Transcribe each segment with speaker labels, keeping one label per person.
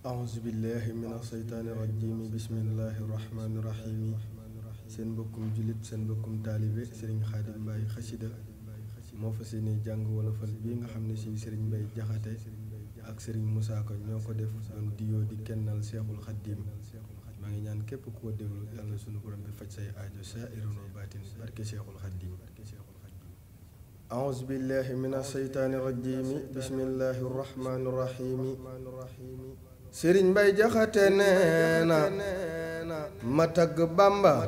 Speaker 1: أعوذ بالله من الشيطان الرجيم بسم الله الرحمن الرحيم سين بكم جلد سين بكم طالب سيرن خادم باي خشيد مو فسيني جانغ ولا فال بيغا خامني سي سيرن باي جاخاتي اك سيرن موسى كو نيوكو ديف دون ديو دي كنال شيخ الخديم ماغي نيان كيب كو ديغلو يالا سونو بروم بي ساي اديو سائر الباتين بارك شيخ الخديم أعوذ بالله من الشيطان الرجيم بسم الله الرحمن الرحيم sëriñ mbay jaxate nee na ma tagg bamba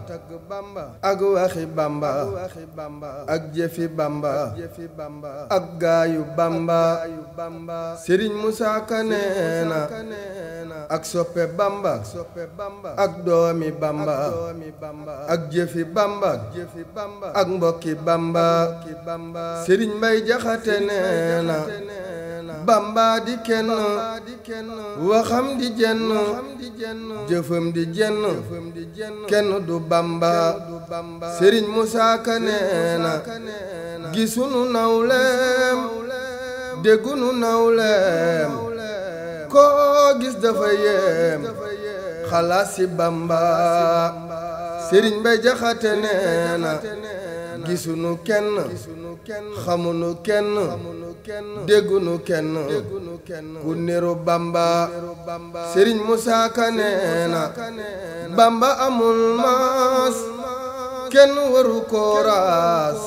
Speaker 1: ak waxi bamba ak jëfi bamba ak gaayu bamba sëriñ musaa ka nee ak soppe bamba ak doomi bamba ak jëfi bamba ak mbokki bamba sëriñ mbay jaxate nee na bamba di kenn waxam di jenn jëfam di jenn kenn du bamba sëriñ Musaa Ka nee nawleem déggunu nawleem koo gis dafa yéem xalaasi bamba sëriñ Mbay Jaxate nee gisunu kenn xamunu kenn déggunu kenn ku niru bamba sëriñ Musaa Ka nee bamba amul maas kenn waru kooraas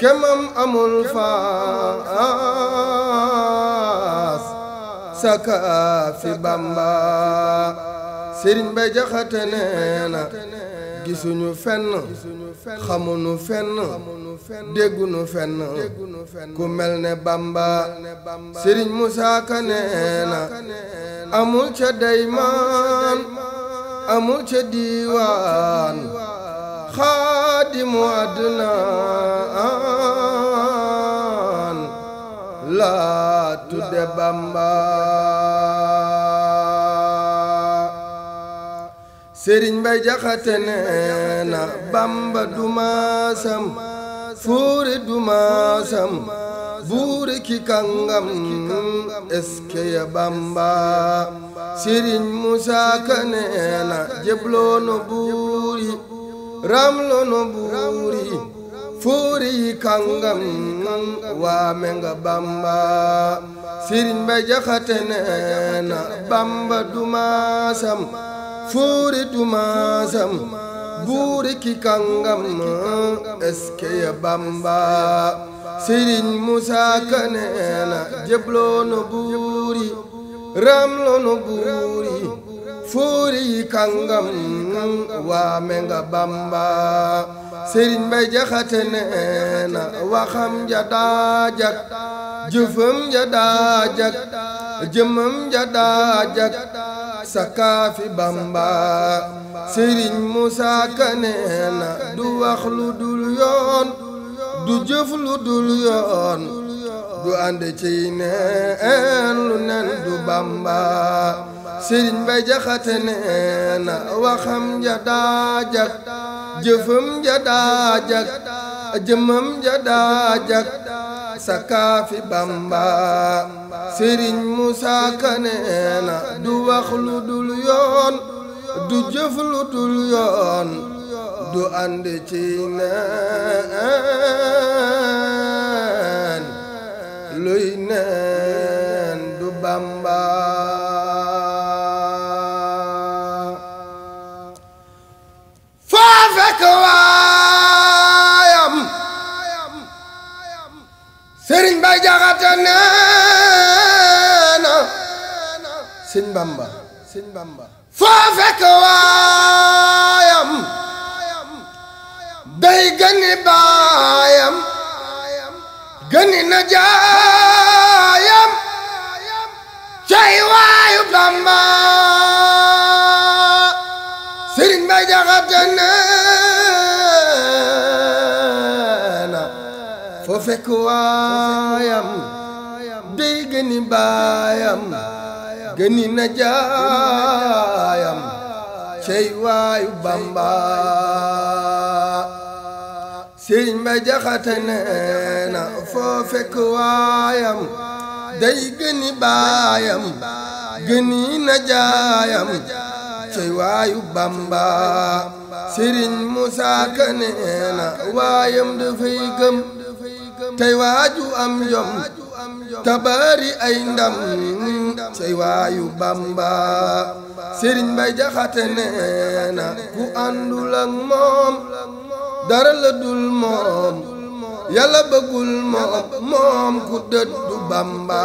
Speaker 1: kemam amul faas saka fi bamba sëriñ Bay Jaxate nee gisuñu fenn xamuñu fenn dégguñu fenn ku mel ne Bamba Sëriñ Musaa Ka nee amul ca daymaan amul ca diiwaan xaadimu adnaan laa tudde Bamba sëriñ bay jaxate nee na bamba dumaasam fuure dumaasam buure ki kàngam eske ya bamba sëriñ musaa ka nee buuri ramlo buuri fuure yi kàngam waame nga bamba sëriñ bay jaxate nee na bamba dumaasam fóore tumaasam buure ki kàngam eske ya bamba sëriñ Musaa Ka nee na buuri ramloo na buuri fóore yi waa me bamba sëriñ Mbay Jaxate nee waxam ja daa jag ja daa jag ja daa sakaafi bamba sëriñ Moussa Ka du wax lu dul yoon du jëf lu dul yoon du ànd ci neen lu nen du bamba sëriñ Mbay Jaxate waxam ja daa jag jëfam ja daa jag jëmam ja daa jag sa kaafi Bamba sëriñ Musaa Ka nee du wax dul yoon du jëf dul yoon du ànd ci ne neena sëñ waayam day gëni baayam gëni na jaayam cay waayu bamba sëriñ bay jaxate neena foo fekk waayam gëni baayam gëni na jaayam cey waayu bamba sëriñ ba jaxate neena foo fekk waayam day gëni baayam gëni na jaayam cey waayu bamba sëriñ Musaa Ka neena waayam dafay gëm tey waaju am jom te bari ay ndam say waayu bamba sëriñ bay jaxate nee na ku àndul ak moom dara la moom yàlla bëggul moom moom ku dëddu bamba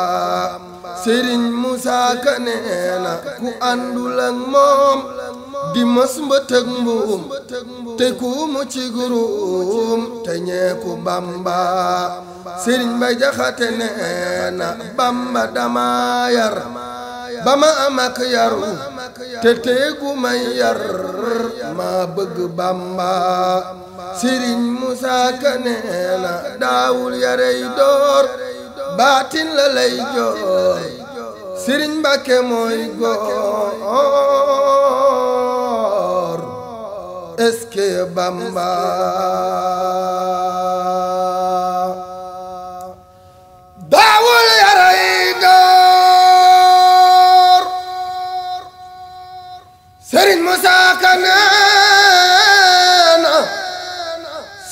Speaker 1: sëriñ Musaa Ka nee ku àndul moom di mos mbëtëg mbuum te kuumu ci guruum te ñeeku bamba sëriñ Mbay Jaxate nee Bamba dama yar ba ma am ak yaru te teegu may yar maa bëgg Bamba sëriñ Musaa Ka nee daawul yarey door baatin la joor sëriñ Mbàkke mooy góor est-ce Bamba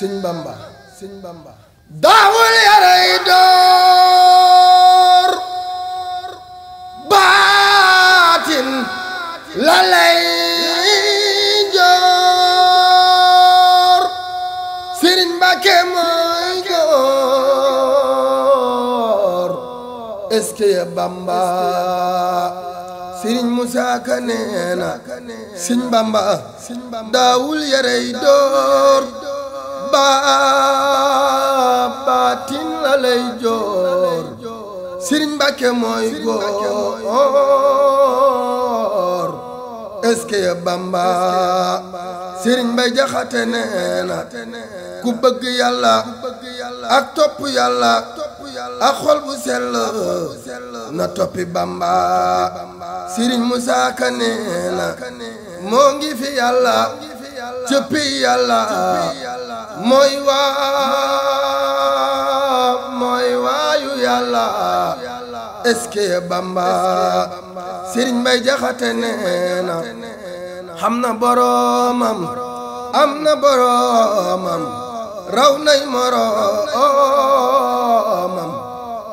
Speaker 1: sëñ Bamba sëñ Bamba daawul yaray door baatin la lay joor sëriñ Mbàkke mooy joor est-ce que ya Bamba sëriñ Musaa Ka nee na sëñ Bamba daawul yaray door baa baatin la mooy góor est-ce que ya Bamba Sëriñ Mbay Jaxate nee na ku bëgg yàlla ak topp yàlla ak xol bu sell na toppi Bamba Sëriñ Musaa Ka nee moo ngi fi yàlla cëppi yàlla mooy waa mooy waayu yàlla est Bamba Sëriñ Mbay Jaxate nee na xam na boroomam raw nay moroomam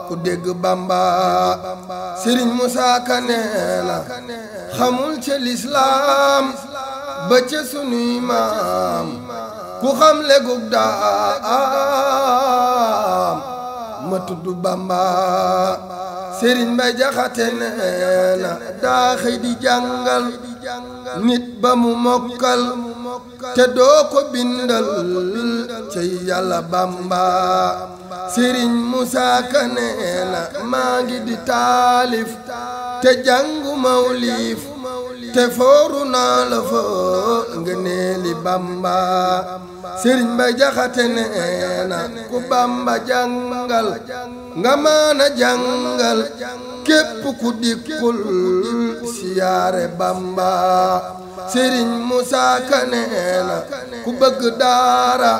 Speaker 1: ku dégg Bamba Sëriñ Musaa Ka xamul ca lislaam ba sunuy maam ku xam le gug daam ma tudd Bamba Serigne Mbaye Jaxate nee na di jàngal nit ba mu mokkal te doo ko bindal ci yàlla Bamba Serigne Moussa Ka nee maa ngi di taalif te jàngu mawlif te fooru naa la fa nga nee bamba sëriñ ba jaxate nee ku bamba jàngal nga maana jàngal képp ku dikkul siyaare bamba sëriñ musaa ka nee ku bëgg daara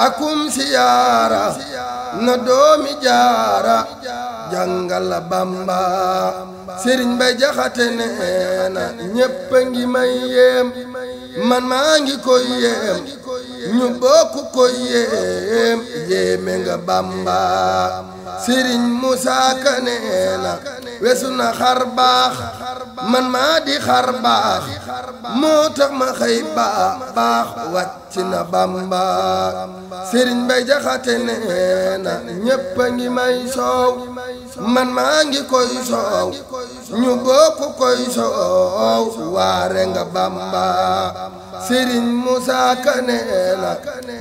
Speaker 1: akum siyaara na doomi jaara jàngala bamba sëriñ bay jaxate neena ñépp ngi may yéem man maa ngi koy yéem ñu bokk koy yéem yéeme nga bamba sëriñ musaa neena wesu na xar man maa di xar baax moo tax ma xëy baax baax wàcc na bamba sëriñ bay jaxate nee na ngi may soow man maa ngi koy soow ñu bokk koy soow waare nga bamba sëriñ Musaa Ka nee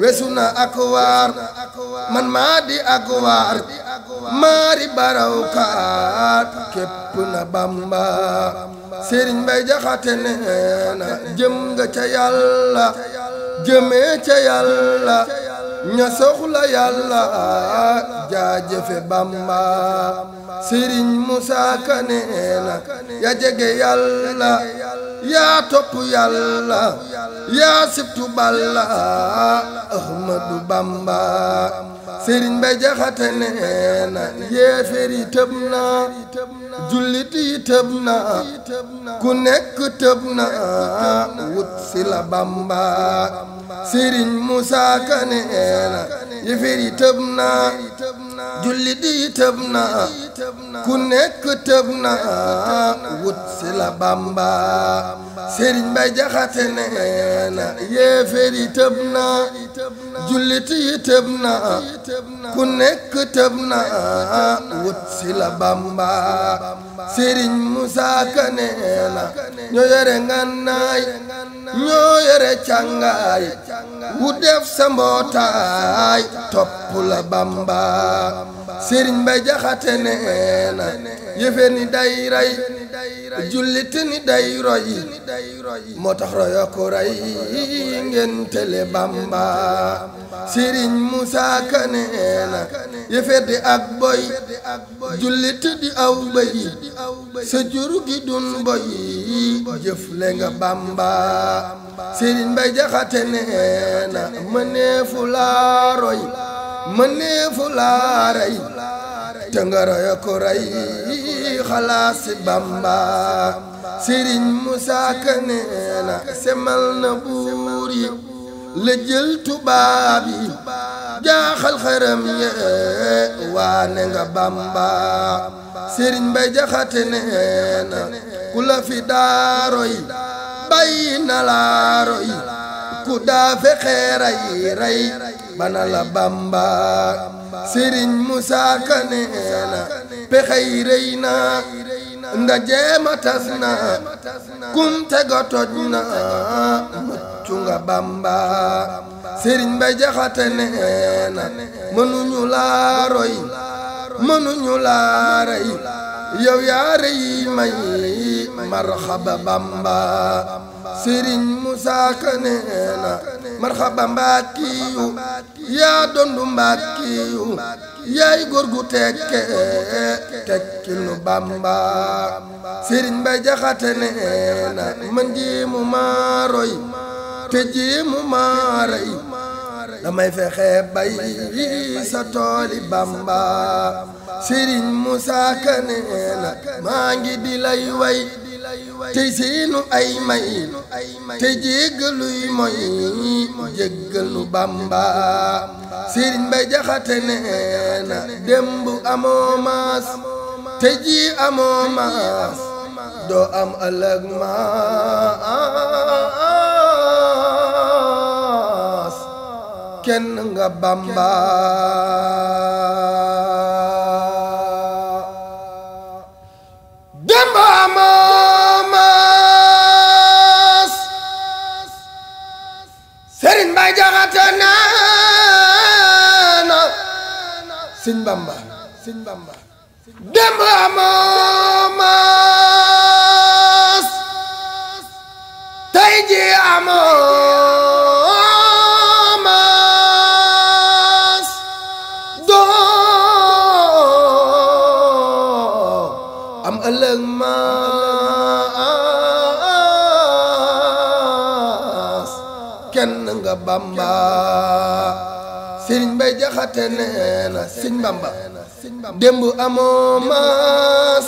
Speaker 1: wesu na ak waar man maa di ak waar maari barawkaat képp na bamba sëriñ bay jaxate nee jëm nga ca yàlla jëmee ca yàlla ña bamba sëriñ musaa ka nee ya jege yàlla yaa topp yàlla yaa sibtu balla ahmadu bamba sëriñ Mbay Jaxate nee na yéeféer yi tëb na jullit yi tëb na ku nekk tëb na wut si la Bamba sëriñ Musaa Ka nee na yéeféer yi tëb na jullit yi tëb na ku nekk tëb na wut si la Bamba sëriñ Mbay Jaxate nee na yéeféer yi tëb na jullit yi tëb na ku nekk tëb na wut si la bamba sëriñ Musaa Ka na ñoo yore ngannaay ñoo yore càngaay wu def sa mbootaay topp bamba sëriñ Mbay Jaxate nee na yëfe jullit ni day roy moo tax royo ko rey ngeen tele Bamba Sëriñ Musaa Ka nee na di ak boy jullit di aw bëy sa jur gi dun boy jëf le nga Bamba Sëriñ Mbay Jaxate nee na mëneefu laa roy mëneefu laa rey cangara ya ko rey Bamba sëriñ Musaa Ka nee na na buur yi jël tubaab jaaxal xaram ye waane nga Bamba sëriñ Mbay Jaxate nee na ku la fi daaro yi ku daa fe xeera yi rey Bamba sëriñ Musaa Ka nee na pexey rëy na ndajeema tas na kum tego toj na muccu nga Bamba sëriñ Mbay Jaxate nee na mënuñu laa roy mënuñu laa rey yow yaa rëy may marxaba Bamba sëriñ Musaa Ka marxaba mbàkkiyu yaa dondu mbàkkiyu yaay góor gu tekke tekkil nu Bàmba sëriñ Mbay Jaxate nee mu maaroy te mu maaray damay fexe bay sa tooli Bàmba sëriñ Musaa Ka nee di lay way tey seenu ay may tey jéggaluy moy jéggal nu Bàmba Sëriñ Mbay Jaxate nee na démb amoo maas tey jii amoo maas doo am ëllëg maas kenn nga Bàmba sëñ Bamba dem amoos tey ji amoos doo am ëllëg maas kenn nga Bamba sëriñ Mbay Jaxate nee na sëñ Bamba démb amoo maas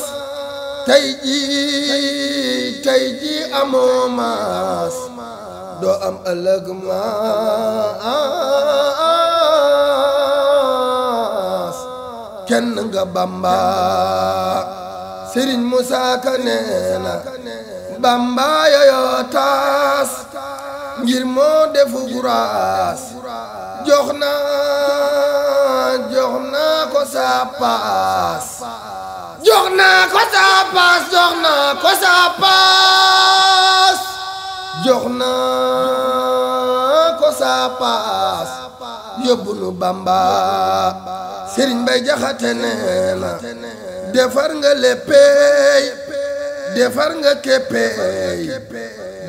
Speaker 1: tey jii tey jii maas doo am ëllëg maas kenn nga Bamba sëriñ Musaa Ka nee Bamba yooyo taas ngir moo defu guraas jox naa ko sa paas ko sa paas ko sa yóbbu nu Bamba Serigne Mbaye Jaxate nee defar nga léppéy defar nga képpéy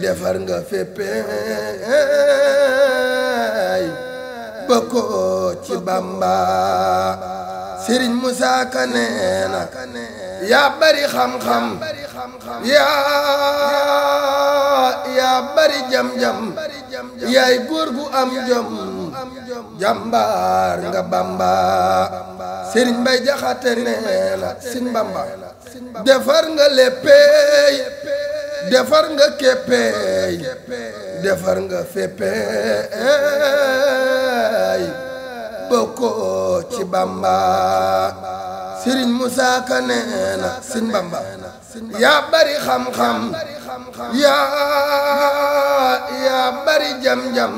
Speaker 1: defar nga féppéy ko ci Bamba Serigne Moussa Ka nee yaa bari xam-xam yaa yaa bari jam-jam yaay góor am jom jàmbaar nga Bamba Serigne Mbay Jaxate nee na Bamba defar nga léppéey defar nga képpeey defar nga féppéey ci bamba sëriñ Musaa yaa bari xam-xam yaa yaa bari jam-jam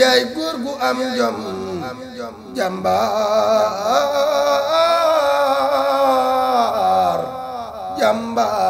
Speaker 1: yaay góor am jom jàmbaar